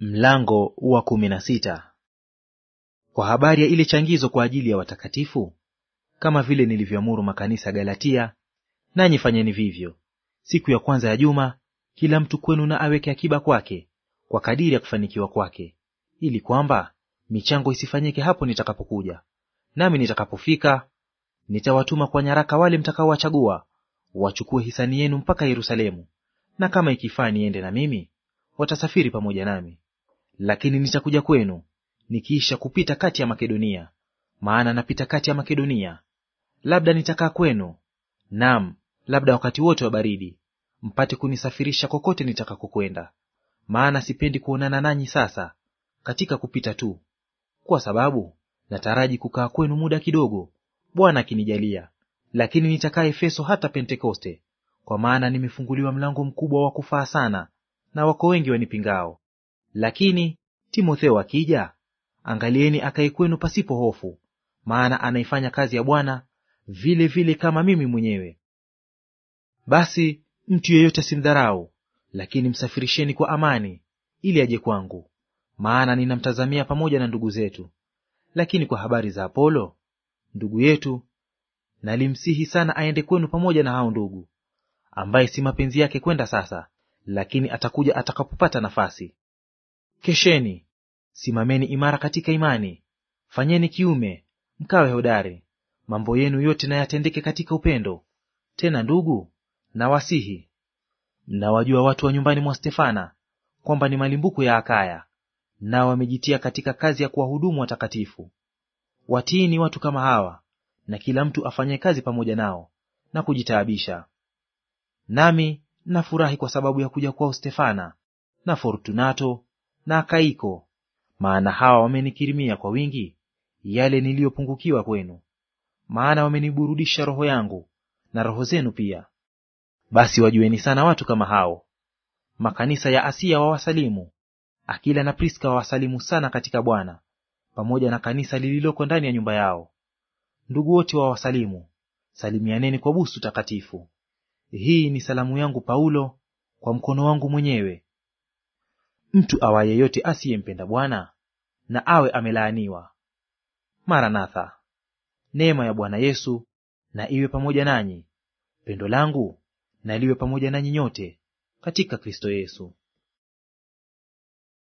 Mlango wa kumi na sita. Kwa habari ya ile changizo kwa ajili ya watakatifu, kama vile nilivyoamuru makanisa Galatia, nanyi fanyeni vivyo. Siku ya kwanza ya juma kila mtu kwenu na aweke akiba kwake kwa kadiri ya kufanikiwa kwake, ili kwamba michango isifanyike hapo nitakapokuja. Nami nitakapofika nitawatuma kwa nyaraka wale mtakaowachagua wachukue hisani yenu mpaka Yerusalemu, na kama ikifaa niende na mimi, watasafiri pamoja nami lakini nitakuja kwenu nikiisha kupita kati ya Makedonia, maana napita kati ya Makedonia. Labda nitakaa kwenu, nam labda wakati wote wa baridi, mpate kunisafirisha kokote nitakakokwenda. Maana sipendi kuonana nanyi sasa katika kupita tu, kwa sababu nataraji kukaa kwenu muda kidogo, Bwana akinijalia. Lakini nitakaa Efeso hata Pentekoste, kwa maana nimefunguliwa mlango mkubwa wa kufaa sana, na wako wengi wanipingao. Lakini Timotheo akija, angalieni akae kwenu pasipo hofu, maana anaifanya kazi ya Bwana vile vile kama mimi mwenyewe. Basi mtu yeyote asimdharau, lakini msafirisheni kwa amani ili aje kwangu, maana ninamtazamia pamoja na ndugu zetu. Lakini kwa habari za Apolo ndugu yetu, nalimsihi sana aende kwenu pamoja na hao ndugu, ambaye si mapenzi yake kwenda sasa, lakini atakuja atakapopata nafasi. Kesheni, simameni imara katika imani, fanyeni kiume, mkawe hodari. Mambo yenu yote na yatendeke katika upendo. Tena ndugu, na wasihi mnawajua watu wa nyumbani mwa Stefana kwamba ni malimbuko ya Akaya, nao wamejitia katika kazi ya kuwahudumu watakatifu. Watiini watu kama hawa, na kila mtu afanye kazi pamoja nao na kujitaabisha. Nami nafurahi kwa sababu ya kuja kwao Stefana na Fortunato na Akaiko, maana hawa wamenikirimia kwa wingi yale niliyopungukiwa kwenu, maana wameniburudisha roho yangu na roho zenu pia. Basi wajueni sana watu kama hao. Makanisa ya Asia wawasalimu. Akila na Priska wawasalimu sana katika Bwana, pamoja na kanisa lililoko ndani ya nyumba yao. Ndugu wote wawasalimu. Salimianeni kwa busu takatifu. Hii ni salamu yangu Paulo kwa mkono wangu mwenyewe. Mtu awa yeyote asiyempenda Bwana na awe amelaaniwa. Maranatha. Neema ya Bwana Yesu na iwe pamoja nanyi. Pendo langu na liwe pamoja nanyi nyote katika Kristo Yesu.